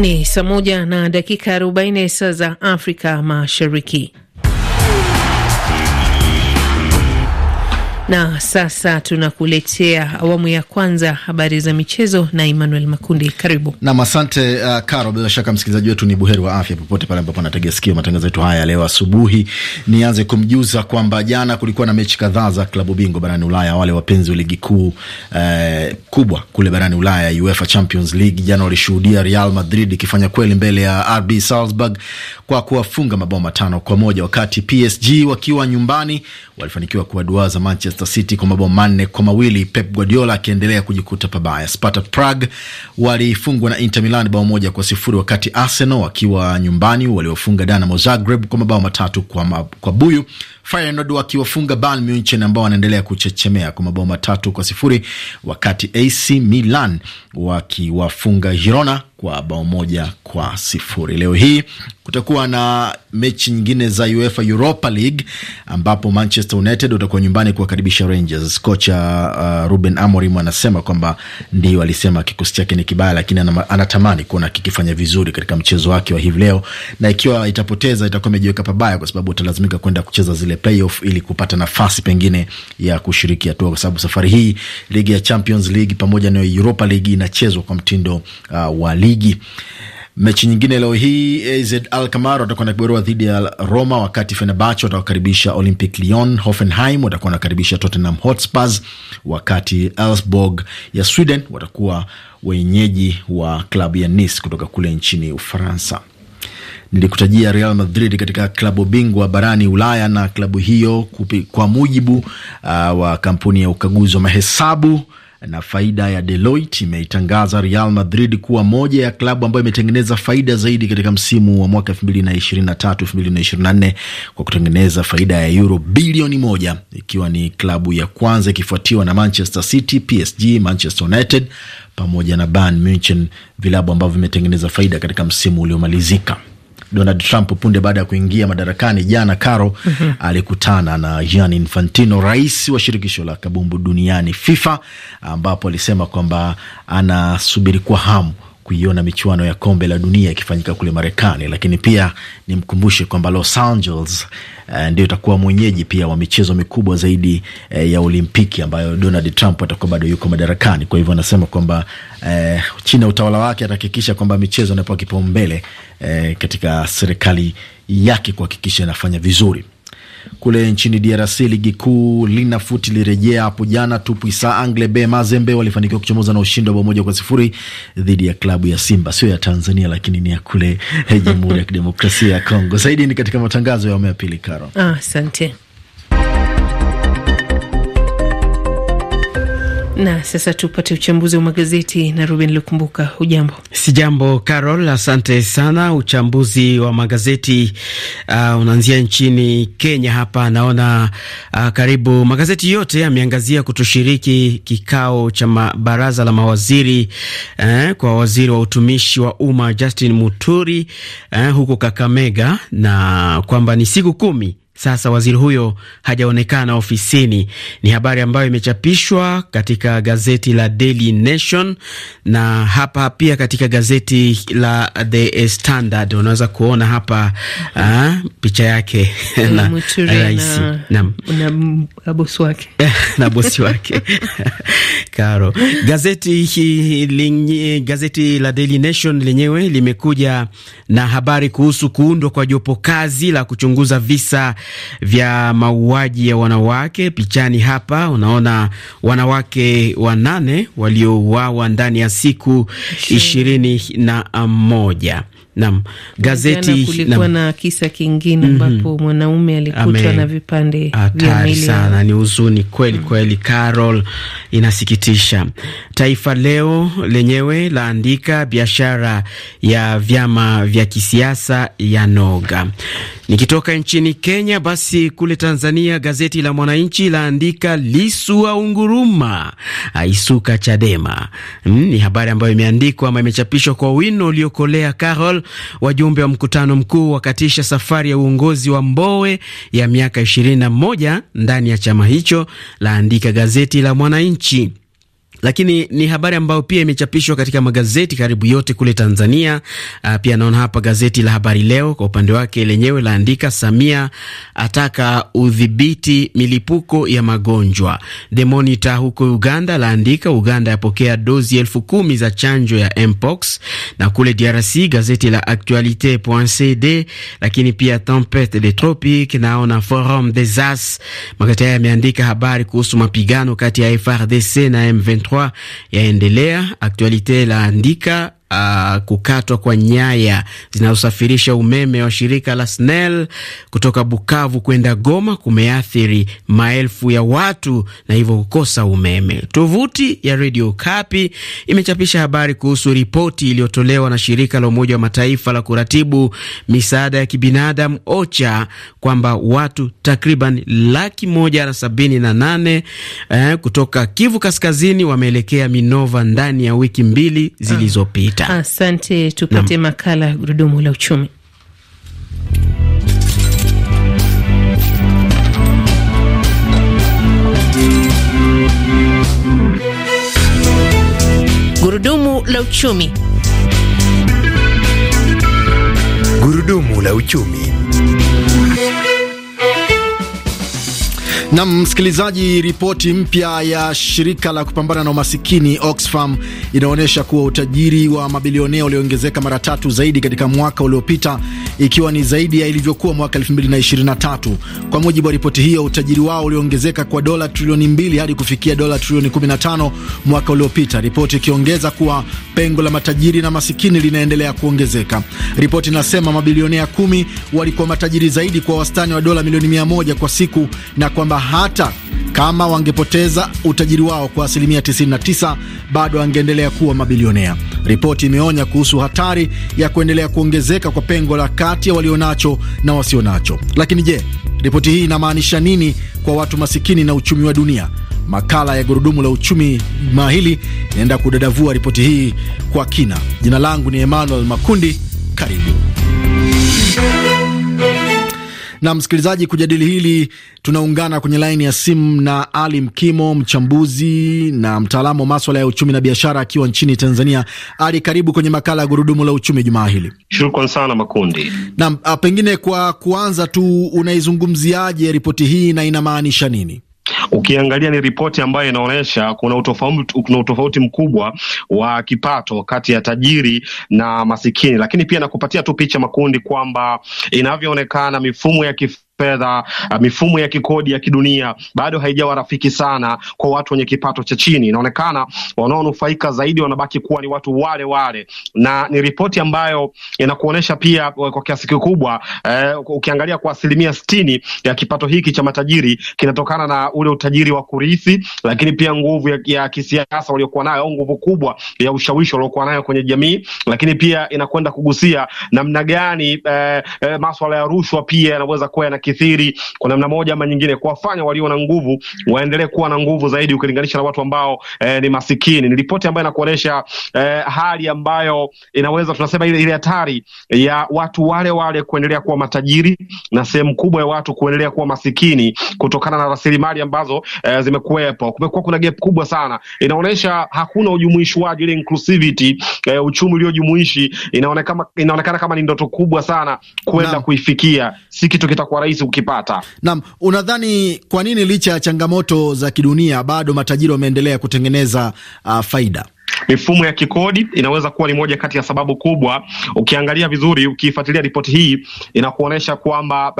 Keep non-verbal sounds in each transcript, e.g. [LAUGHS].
Ni saa moja na dakika arobaini saa za Afrika Mashariki. Na sasa tunakuletea awamu ya kwanza habari za michezo na Emmanuel Makundi, karibu nam. Asante uh, Karo. Bila shaka msikilizaji wetu ni buheri wa afya popote pale ambapo anategea sikio matangazo yetu haya leo asubuhi. Nianze kumjuza kwamba jana kulikuwa na mechi kadhaa za klabu bingwa barani Ulaya. Wale wapenzi wa ligi kuu uh, kubwa kule barani Ulaya, UEFA Champions League, jana walishuhudia Real Madrid ikifanya kweli mbele ya RB Salzburg kwa kuwafunga mabao matano kwa moja, wakati PSG wakiwa nyumbani walifanikiwa kuwaduaza Manchester Manchester City kwa mabao manne kwa mawili Pep Guardiola akiendelea kujikuta pabaya. Sparta Prague walifungwa na Inter Milan bao moja kwa sifuri wakati Arsenal wakiwa nyumbani waliofunga Dinamo Zagreb kwa mabao matatu kwa, ma, kwa buyu Feyenoord wakiwafunga Bayern Munich ambao wanaendelea kuchechemea kwa mabao matatu kwa sifuri, wakati AC Milan wakiwafunga Girona kwa bao moja kwa sifuri. Leo hii kutakuwa na mechi nyingine za UEFA Europa League ambapo Manchester United watakuwa nyumbani kuwakaribisha Rangers. Kocha uh, Ruben Amorim anasema kwamba ndio alisema kikosi chake ni kibaya, lakini anatamani kuona kikifanya vizuri katika mchezo wake wa hivi leo, na ikiwa itapoteza itakuwa imejiweka pabaya, kwa sababu utalazimika kwenda kucheza zile playoff ili kupata nafasi pengine ya kushiriki hatua, kwa sababu safari hii ligi ya Champions League pamoja na Europa League inachezwa kwa mtindo uh, wa ligi. Mechi nyingine leo hii AZ Alkamar watakuwa na kibarua dhidi ya Roma, wakati Fenerbahce watawakaribisha Olympic Lyon. Hoffenheim watakuwa wanakaribisha Tottenham Hotspurs, wakati Elfsborg ya Sweden watakuwa wenyeji wa klabu ya Nice kutoka kule nchini Ufaransa nilikutajia Real Madrid katika klabu bingwa barani Ulaya na klabu hiyo kupi, kwa mujibu uh, wa kampuni ya ukaguzi wa mahesabu na faida ya Deloitte imeitangaza Real Madrid kuwa moja ya klabu ambayo imetengeneza faida zaidi katika msimu wa mwaka 2023 2024 kwa kutengeneza faida ya euro bilioni moja, ikiwa ni klabu ya kwanza ikifuatiwa na Manchester City, PSG, Manchester United pamoja na Bayern Munich, vilabu ambavyo vimetengeneza faida katika msimu uliomalizika. Donald Trump punde baada ya kuingia madarakani jana, Caro mm -hmm. alikutana na Gianni Infantino, rais wa shirikisho la kabumbu duniani FIFA, ambapo alisema kwamba anasubiri kwa hamu kuiona michuano ya kombe la dunia ikifanyika kule Marekani, lakini pia nimkumbushe kwamba Los Angeles eh, ndio itakuwa mwenyeji pia wa michezo mikubwa zaidi eh, ya Olimpiki ambayo Donald Trump atakuwa bado yuko madarakani. Kwa hivyo anasema kwamba eh, chini ya utawala wake atahakikisha kwamba michezo inapewa kipaumbele eh, katika serikali yake kuhakikisha inafanya vizuri. Kule nchini DRC ligi kuu linafut ilirejea lirejea hapo jana tu. Puisa Anglebe Mazembe walifanikiwa kuchomoza na ushindi wa bao moja kwa sifuri dhidi ya klabu ya Simba, sio ya Tanzania lakini ni ya kule eh, Jamhuri ya Kidemokrasia ya Kongo. Zaidi ni katika matangazo ya awamu ya pili. Karo, ah, asante ah, Na sasa tupate uchambuzi wa magazeti na Ruben Lukumbuka. Hujambo? Sijambo Carol, asante sana. Uchambuzi wa magazeti uh, unaanzia nchini Kenya. Hapa naona uh, karibu magazeti yote ameangazia kutoshiriki kikao cha baraza la mawaziri eh, kwa waziri wa utumishi wa umma Justin Muturi eh, huko Kakamega, na kwamba ni siku kumi sasa waziri huyo hajaonekana ofisini. Ni habari ambayo imechapishwa katika gazeti la Daily Nation na hapa pia katika gazeti la The Standard. Unaweza kuona hapa mm-hmm. aa, ah, picha yake mm, [LAUGHS] na rais na bosi wake [LAUGHS] na bosi wake [LAUGHS] Karo. Gazeti, linyi, gazeti la Daily Nation lenyewe limekuja na habari kuhusu kuundwa kwa jopo kazi la kuchunguza visa vya mauaji ya wanawake. Pichani hapa unaona wanawake wanane waliouawa ndani ya siku ishirini na moja. Nam gazeti kulikuwa na kisa kingine mhm. ambapo mm -hmm. mwanaume alikutwa na vipande vya mwili sana. Ni huzuni kweli kweli, Carol, inasikitisha. Taifa Leo lenyewe laandika biashara ya vyama vya kisiasa ya noga. Nikitoka nchini Kenya, basi kule Tanzania, gazeti la Mwananchi laandika Lisu aunguruma aisuka Chadema. Mm, ni habari ambayo imeandikwa ama imechapishwa kwa wino uliokolea Carol. Wajumbe wa mkutano mkuu wakatisha safari ya uongozi wa Mbowe ya miaka 21 ndani ya chama hicho, laandika gazeti la Mwananchi lakini ni habari ambayo pia imechapishwa katika magazeti karibu yote kule Tanzania. Uh, pia naona hapa gazeti la Habari Leo kwa upande wake lenyewe laandika, Samia ataka udhibiti milipuko ya magonjwa. The Monitor huko Uganda laandika, Uganda yapokea dozi elfu kumi za chanjo ya mpox, na kule DRC gazeti la Actualite.cd, lakini pia Tempete des Tropiques, naona Forum des As, magazeti haya yameandika habari kuhusu mapigano kati ya FRDC na M23 actualité, la l'indique... uh, kukatwa kwa nyaya zinazosafirisha umeme wa shirika la SNEL kutoka Bukavu kwenda Goma kumeathiri maelfu ya watu na hivyo kukosa umeme. Tovuti ya Radio Kapi imechapisha habari kuhusu ripoti iliyotolewa na shirika la Umoja wa Mataifa la kuratibu misaada ya kibinadamu OCHA kwamba watu takriban laki moja na sabini na nane eh, kutoka Kivu Kaskazini wameelekea Minova ndani ya wiki mbili zilizopita. Victor. Asante, tupate Nam. makala ya gurudumu la uchumi. Gurudumu la uchumi. Gurudumu la uchumi. Na msikilizaji, ripoti mpya ya shirika la kupambana na umasikini Oxfam inaonyesha kuwa utajiri wa mabilionea ulioongezeka mara tatu zaidi katika mwaka uliopita, ikiwa ni zaidi ya ilivyokuwa mwaka 2023. Kwa mujibu wa ripoti hiyo, utajiri wao ulioongezeka kwa dola trilioni mbili hadi kufikia dola trilioni 15 mwaka uliopita, ripoti ikiongeza kuwa pengo la matajiri na masikini linaendelea kuongezeka. Ripoti inasema mabilionea kumi walikuwa matajiri zaidi kwa wastani wa dola milioni 1 kwa siku na kwamba hata kama wangepoteza utajiri wao kwa asilimia 99 bado wangeendelea kuwa mabilionea. Ripoti imeonya kuhusu hatari ya kuendelea kuongezeka kwa pengo la kati ya walionacho na wasionacho. Lakini je, ripoti hii inamaanisha nini kwa watu masikini na uchumi wa dunia? Makala ya Gurudumu la Uchumi juma hili inaenda kudadavua ripoti hii kwa kina. Jina langu ni Emmanuel Makundi. Karibu. Na msikilizaji, kujadili hili tunaungana kwenye laini ya simu na Ali Mkimo, mchambuzi na mtaalamu wa maswala ya uchumi na biashara akiwa nchini Tanzania. Ali, karibu kwenye makala ya gurudumu la uchumi jumaa hili. Shukran sana Makundi. Naam, ah, pengine kwa kuanza tu, unaizungumziaje ripoti hii na inamaanisha nini? Ukiangalia ni ripoti ambayo inaonyesha kuna utofauti, kuna utofauti mkubwa wa kipato kati ya tajiri na masikini, lakini pia nakupatia tu picha makundi kwamba inavyoonekana mifumo ya kif fedha, uh, mifumo ya kikodi ya kidunia bado haijawa rafiki sana kwa watu wenye kipato cha chini. Inaonekana wanaonufaika zaidi wanabaki kuwa ni watu wale wale, na ni ripoti ambayo inakuonyesha pia uh, kwa kiasi kikubwa eh, ukiangalia kwa asilimia sitini ya kipato hiki cha matajiri kinatokana na ule utajiri wa kurithi, lakini pia nguvu ya, ya kisiasa waliokuwa nayo au nguvu kubwa ya ushawishi waliokuwa nayo kwenye jamii, lakini pia inakwenda kugusia namna gani eh, eh, maswala ya rushwa pia yanaweza kuwa yana kithiri kwa namna moja ama nyingine, kuwafanya walio na nguvu waendelee kuwa na nguvu zaidi ukilinganisha na watu ambao eh, ni masikini. Ni ripoti ambayo inakuonyesha eh, hali ambayo inaweza tunasema ile ile hatari ya watu wale wale kuendelea kuwa matajiri na sehemu kubwa ya watu kuendelea kuwa masikini kutokana na rasilimali ambazo eh, zimekuwepo. Kumekuwa kuna gap kubwa sana, inaonyesha hakuna ujumuishwaji, ile inclusivity eh, uchumi uliojumuishi inaonekana, inaonekana kama ni ndoto kubwa sana kwenda kuifikia, si kitu kitakuwa rahisi rahisi kukipata. Naam, unadhani kwa nini licha ya changamoto za kidunia bado matajiri wameendelea kutengeneza uh, faida? Mifumo ya kikodi inaweza kuwa ni moja kati ya sababu kubwa. Ukiangalia vizuri, ukifuatilia ripoti hii, inakuonyesha kwamba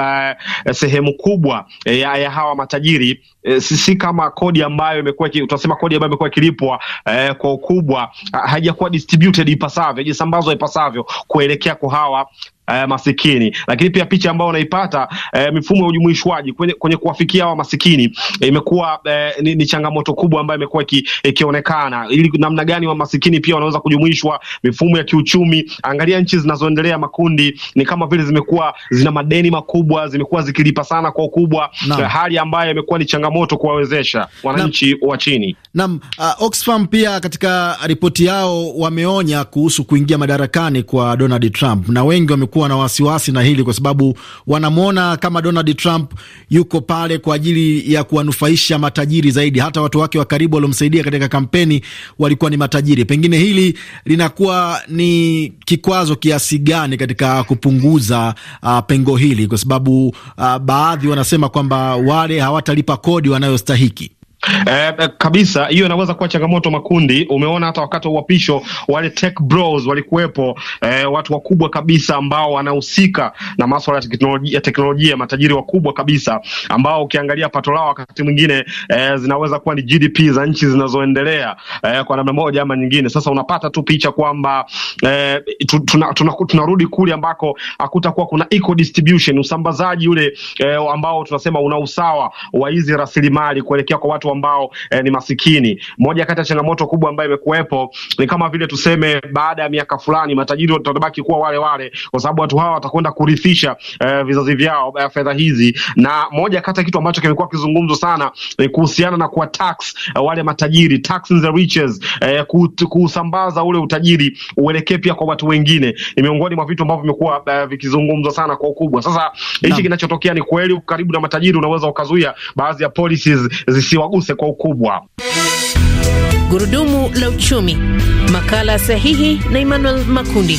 uh, sehemu kubwa uh, ya hawa matajiri e, si kama kodi ambayo imekuwa utasema kodi ambayo imekuwa ikilipwa eh, kwa ukubwa haijakuwa distributed ipasavyo, haijasambazwa ipasavyo kuelekea kwa hawa Uh, masikini lakini pia picha ambayo unaipata uh, mifumo ya ujumuishwaji kwenye, kwenye kuwafikia hawa masikini imekuwa uh, ni, ni changamoto kubwa ambayo imekuwa ikionekana, ili namna gani wa masikini pia wanaweza kujumuishwa mifumo ya kiuchumi. Angalia nchi zinazoendelea, makundi ni kama vile zimekuwa zina madeni makubwa, zimekuwa zikilipa sana kwa ukubwa, uh, hali ambayo imekuwa ni changamoto changamoto kuwawezesha wananchi wa chini. Naam, uh, Oxfam pia katika ripoti yao wameonya kuhusu kuingia madarakani kwa Donald Trump, na wengi wamekuwa na wasiwasi na hili kwa sababu wanamwona kama Donald Trump yuko pale kwa ajili ya kuwanufaisha matajiri zaidi. Hata watu wake wa karibu waliomsaidia katika kampeni walikuwa ni matajiri. Pengine hili linakuwa ni kikwazo kiasi gani katika kupunguza uh, pengo hili, kwa sababu uh, baadhi wanasema kwamba wale hawatalipa kodi kodi wanayostahiki. Eh, eh, kabisa hiyo inaweza kuwa changamoto makundi. Umeona hata wakati wa uapisho wale tech bros walikuwepo, eh, watu wakubwa kabisa ambao wanahusika na masuala ya teknolojia, teknolojia, matajiri wakubwa kabisa ambao ukiangalia pato lao wakati mwingine eh, zinaweza kuwa ni GDP za nchi zinazoendelea eh, kwa namna moja ama nyingine. Sasa unapata tu picha kwamba eh, tunarudi tuna, tuna, tuna kule ambako hakutakuwa kuna equal distribution, usambazaji ule eh, ambao tunasema una usawa wa hizi rasilimali kuelekea kwa watu watu ambao eh, ni masikini. Moja kati ya changamoto kubwa ambayo imekuwepo ni kama vile tuseme, baada ya miaka fulani matajiri watabaki kuwa wale wale, kwa sababu watu hawa watakwenda kurithisha eh, vizazi vyao eh, fedha hizi. Na moja kati ya kitu ambacho kimekuwa kizungumzo sana ni kuhusiana na kuwa tax eh, wale matajiri tax in the riches eh, kusambaza ule utajiri uelekee pia kwa watu wengine, ni miongoni mwa vitu ambavyo vimekuwa eh, vikizungumzwa sana kwa ukubwa. Sasa hichi kinachotokea ni kweli, karibu na matajiri unaweza ukazuia baadhi ya policies zisiwagu tusiguse kwa ukubwa. Gurudumu la uchumi, makala sahihi na Emmanuel Makundi.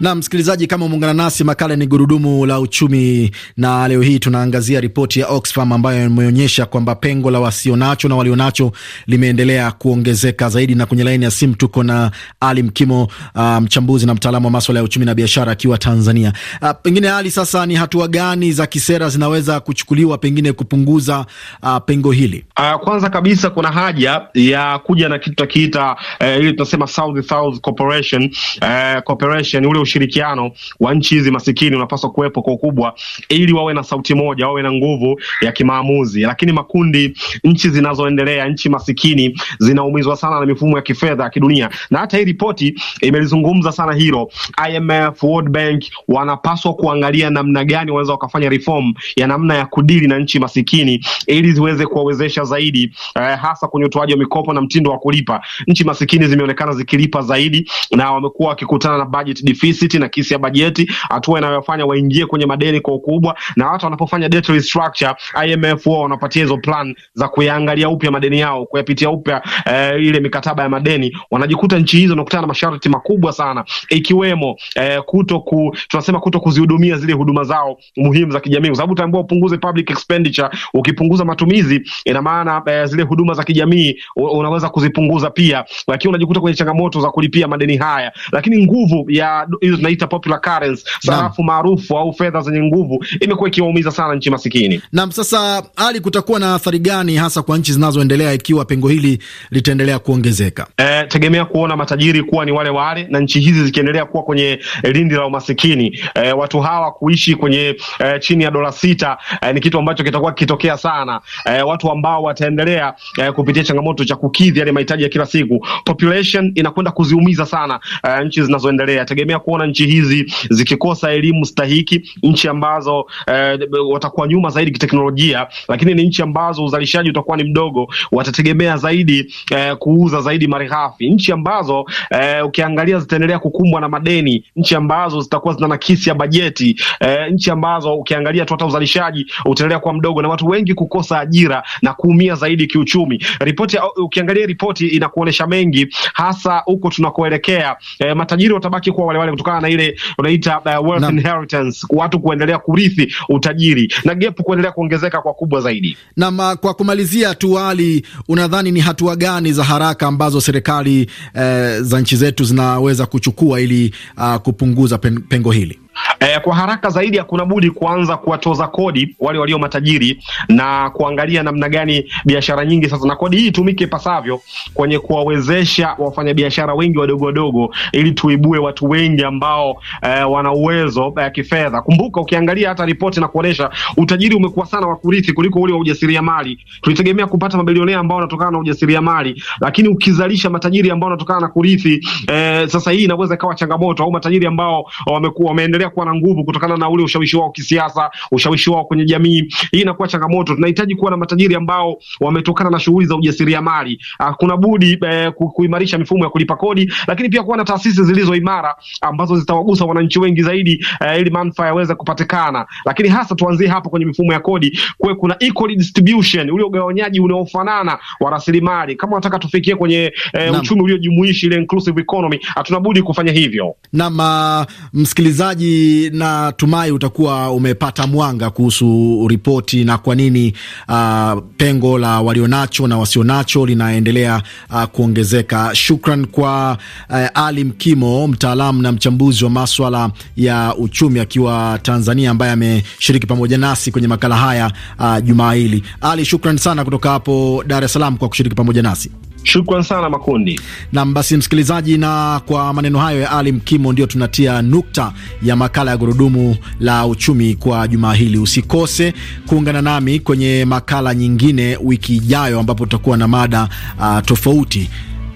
Na msikilizaji, kama umeungana nasi, makala ni gurudumu la uchumi, na leo hii tunaangazia ripoti ya Oxfam ambayo imeonyesha kwamba pengo la wasionacho na walionacho limeendelea kuongezeka zaidi. Na kwenye laini ya simu tuko na Ali Mkimo, uh, mchambuzi um, na mtaalamu wa maswala ya uchumi na biashara akiwa Tanzania. Uh, pengine Ali, sasa ni hatua gani za kisera zinaweza kuchukuliwa pengine kupunguza uh, pengo hili? Uh, kwanza kabisa kuna haja ya kuja na kitu takiita uh, ili tunasema South South Corporation, uh, Corporation ule ushirikiano wa nchi hizi masikini unapaswa kuwepo kwa ukubwa, ili wawe na sauti moja, wawe na nguvu ya kimaamuzi. Lakini makundi, nchi zinazoendelea, nchi masikini zinaumizwa sana na mifumo ya kifedha ya kidunia, na hata hii ripoti imelizungumza sana hilo. IMF, World Bank wanapaswa kuangalia namna gani waweza wakafanya reform ya namna ya kudili na nchi masikini ili ziweze kuwawezesha zaidi, eh, hasa kwenye utoaji wa mikopo na mtindo wa kulipa. Nchi masikini zimeonekana zikilipa zaidi na wamekuwa wakikutana na budget deficit deficit na kisi ya bajeti, hatua inayofanya waingie kwenye madeni kwa ukubwa, na hata wanapofanya debt restructure, IMF wao wanapatia hizo plan za kuyaangalia upya madeni yao, kuyapitia upya eh, ile mikataba ya madeni, wanajikuta nchi hizo nakutana na masharti makubwa sana, ikiwemo eh, kuto ku, tunasema kuto kuzihudumia zile huduma zao muhimu za kijamii, kwa sababu tambua, upunguze public expenditure, ukipunguza matumizi ina maana eh, zile huduma za kijamii unaweza kuzipunguza pia, lakini unajikuta kwenye changamoto za kulipia madeni haya, lakini nguvu ya hizo tunaita popular currency, sarafu maarufu au fedha zenye nguvu, imekuwa ikiwaumiza sana nchi masikini. Naam, sasa hali kutakuwa na athari gani hasa kwa nchi zinazoendelea ikiwa pengo hili litaendelea kuongezeka? E, tegemea kuona matajiri kuwa ni wale wale na nchi hizi zikiendelea kuwa kwenye eh, lindi la umasikini. E, watu hawa kuishi kwenye e, chini ya dola sita e, ni kitu ambacho kitakuwa kitokea sana. E, watu ambao wataendelea e, kupitia changamoto cha kukidhi yale mahitaji ya kila siku, population inakwenda kuziumiza sana e, nchi zinazoendelea. Tegemea kuona kuona nchi hizi zikikosa elimu stahiki, nchi ambazo eh, watakuwa nyuma zaidi kiteknolojia, lakini ni nchi ambazo uzalishaji utakuwa ni mdogo, watategemea zaidi eh, kuuza zaidi malighafi, nchi ambazo eh, ukiangalia zitaendelea kukumbwa na madeni, nchi ambazo zitakuwa zina nakisi ya bajeti eh, nchi ambazo ukiangalia tu hata uzalishaji utaendelea kuwa mdogo na watu wengi kukosa ajira na kuumia zaidi kiuchumi. Ripoti ukiangalia ripoti inakuonesha mengi, hasa huko tunakoelekea. Eh, matajiri watabaki kuwa wale walewale kutokana na ile unaita uh, wealth inheritance, watu kuendelea kurithi utajiri na gap kuendelea kuongezeka kwa kubwa zaidi. Na uh, kwa kumalizia tu, hali unadhani ni hatua gani za haraka ambazo serikali eh, za nchi zetu zinaweza kuchukua ili uh, kupunguza pen, pengo hili? E, kwa haraka zaidi hakuna budi kuanza kuwatoza kodi wale walio matajiri na kuangalia namna gani biashara nyingi sasa na kodi hii itumike pasavyo kwenye kuwawezesha wafanyabiashara wengi wadogo wadogo, ili tuibue watu wengi ambao e, wana uwezo wa eh, e, kifedha. Kumbuka ukiangalia hata ripoti na kuonesha utajiri umekuwa sana wa kurithi kuliko ule wa ujasiriamali. Tulitegemea kupata mabilionea ambao wanatokana na ujasiriamali, lakini ukizalisha matajiri ambao wanatokana na kurithi e, sasa hii inaweza ikawa changamoto au matajiri ambao wamekuwa wameendelea wanaendelea kuwa na nguvu kutokana na ule ushawishi wao kisiasa, ushawishi wao kwenye jamii. Hii inakuwa changamoto. Tunahitaji kuwa na matajiri ambao wametokana na shughuli za ujasiriamali. Ah, kuna budi eh, kuimarisha mifumo ya kulipa kodi, lakini pia kuwa na taasisi zilizo imara ambazo zitawagusa wananchi wengi zaidi, eh, ili manufaa yaweze kupatikana. Lakini hasa tuanzie hapo kwenye mifumo ya kodi, kuwe kuna equal distribution, ule ugawanyaji unaofanana wa rasilimali. Kama unataka tufikie kwenye eh, uchumi uliojumuishi, ile inclusive economy, hatunabudi kufanya hivyo. Na ah, msikilizaji natumai utakuwa umepata mwanga kuhusu ripoti na kwa nini uh, pengo la walionacho na wasionacho linaendelea uh, kuongezeka. Shukran kwa uh, Ali Mkimo, mtaalamu na mchambuzi wa maswala ya uchumi akiwa Tanzania, ambaye ameshiriki pamoja nasi kwenye makala haya uh, jumaa hili. Ali, shukran sana kutoka hapo Dar es Salaam kwa kushiriki pamoja nasi. Shukran sana Makundi. Nam basi, msikilizaji, na kwa maneno hayo ya Ali Mkimo ndio tunatia nukta ya makala ya gurudumu la uchumi kwa jumaa hili. Usikose kuungana nami kwenye makala nyingine wiki ijayo, ambapo tutakuwa na mada uh, tofauti.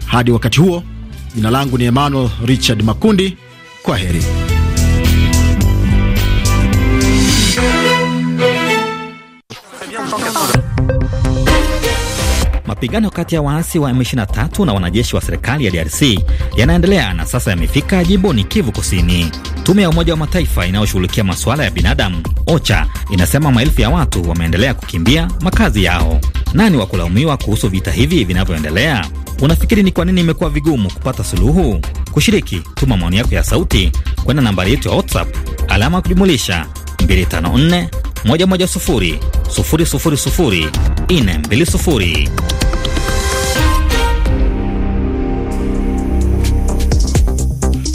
Hadi wakati huo, jina langu ni Emmanuel Richard Makundi. Kwa heri. Mapigano kati ya waasi wa M23 na wanajeshi wa serikali ya DRC yanaendelea na sasa yamefika jimboni Kivu Kusini. Tume ya Umoja wa Mataifa inayoshughulikia masuala ya binadamu OCHA inasema maelfu ya watu wameendelea kukimbia makazi yao. Nani wa kulaumiwa kuhusu vita hivi vinavyoendelea? Unafikiri ni kwa nini imekuwa vigumu kupata suluhu? Kushiriki, tuma maoni yako ya sauti kwenda nambari yetu ya WhatsApp alama ya kujumulisha 254 110 000 sufuri.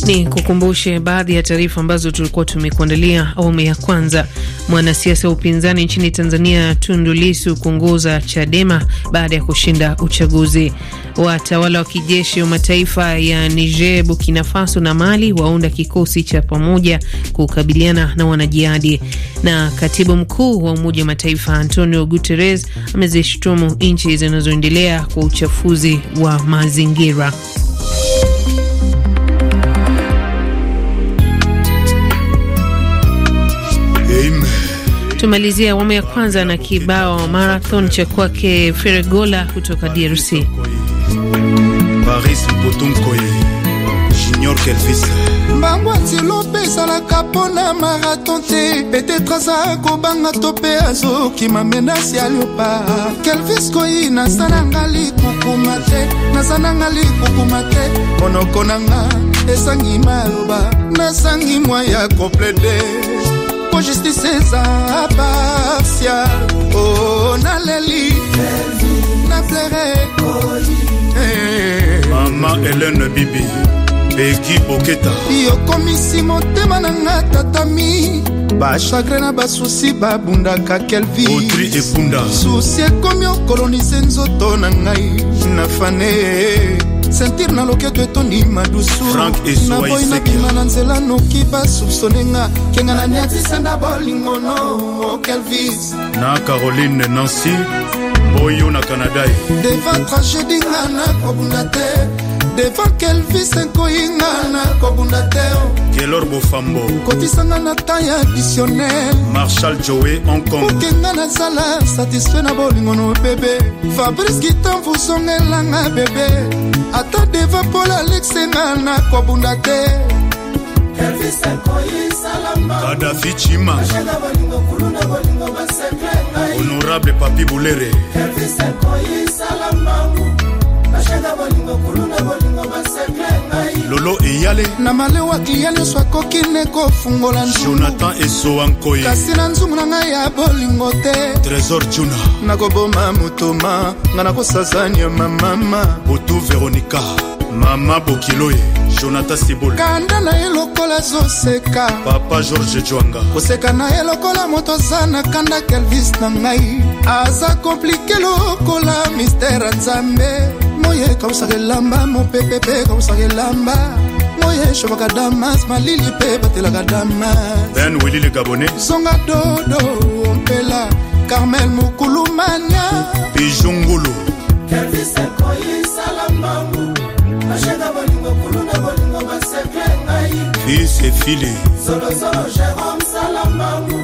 Ni kukumbushe baadhi ya taarifa ambazo tulikuwa tumekuandalia awamu ya kwanza. Mwanasiasa wa upinzani nchini Tanzania Tundu Lissu kuongoza Chadema baada ya kushinda uchaguzi. Watawala wa kijeshi wa mataifa ya Niger, Burkina Faso na Mali waunda kikosi cha pamoja kukabiliana na wanajihadi. Na katibu mkuu wa Umoja wa Mataifa Antonio Guterres amezishtumu nchi zinazoendelea kwa uchafuzi wa mazingira. Tumalizie awamu ya kwanza na kibao marathon cha kwake Feregola kutoka DRC. Paris Junior Kelvis mbango atielo mpe ezalaka mpona marathon te petetre aza kobanga to mpe azokima menasi ya liopa kelvis koyi naza na likukuma te naza nanga likukuma te monoko na esangi maloba nasangi mwa ya koplede justice eza partial o oh, naleli naplere eh. mama helene bibi eki boketa yokomisi motema na nga tatami bachagre na basusi babundaka kelvi otri ebunda susi ekomi okolonize nzoto na ngai na fane sentire na loketo etondi madusunaboyi nabima na nzela noki basupsone nga kenga na niatisenda bolingono okelvis na caroline nancy boyo na canada deva tragedi nga nakobunda te deva kelvis ekoyinga nakobunda te kelor bofambo kotisanga na tan ya dictionnaire marshal joe hongkongkokenga nazala satisfait na bolingo no bebe fabrice gitan vozongelanga bebe ata deva pol alexenga nakobunda te kadafi cima honorable papi bulere lolo eyale na malewa klia nyonso akoki ne kofungola jonathan esowankoye kasi na nzungu na ngai ya bolingo te trésor juna nakoboma motoma ngai nakosaza nyama mama botu veronika mama bokiloye jonathan sibol kanda na ye lokola azoseka papa george jwanga koseka na ye lokola moto aza na kanda kelvis na ngai aza komplike lokola mistere ya nzambe moye ekabwisaka elamba mopepe mpe ekabwisaka elamba moye eshobaka damas malili mpe batelaka damas ben wili le gabonais songa dodo ompela carmel mokulumania pijongolo fils efile solosolo jérome salamangu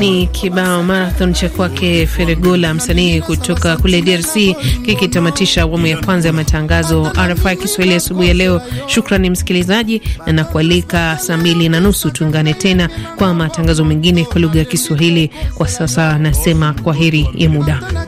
Ni kibao marathon cha kwake Feregola, msanii kutoka kule DRC, kikitamatisha awamu ya kwanza ya matangazo RFI Kiswahili asubuhi ya leo. Shukrani msikilizaji, na nakualika saa mbili na nusu tuungane tena kwa matangazo mengine kwa lugha ya Kiswahili. Kwa sasa nasema heri ya muda.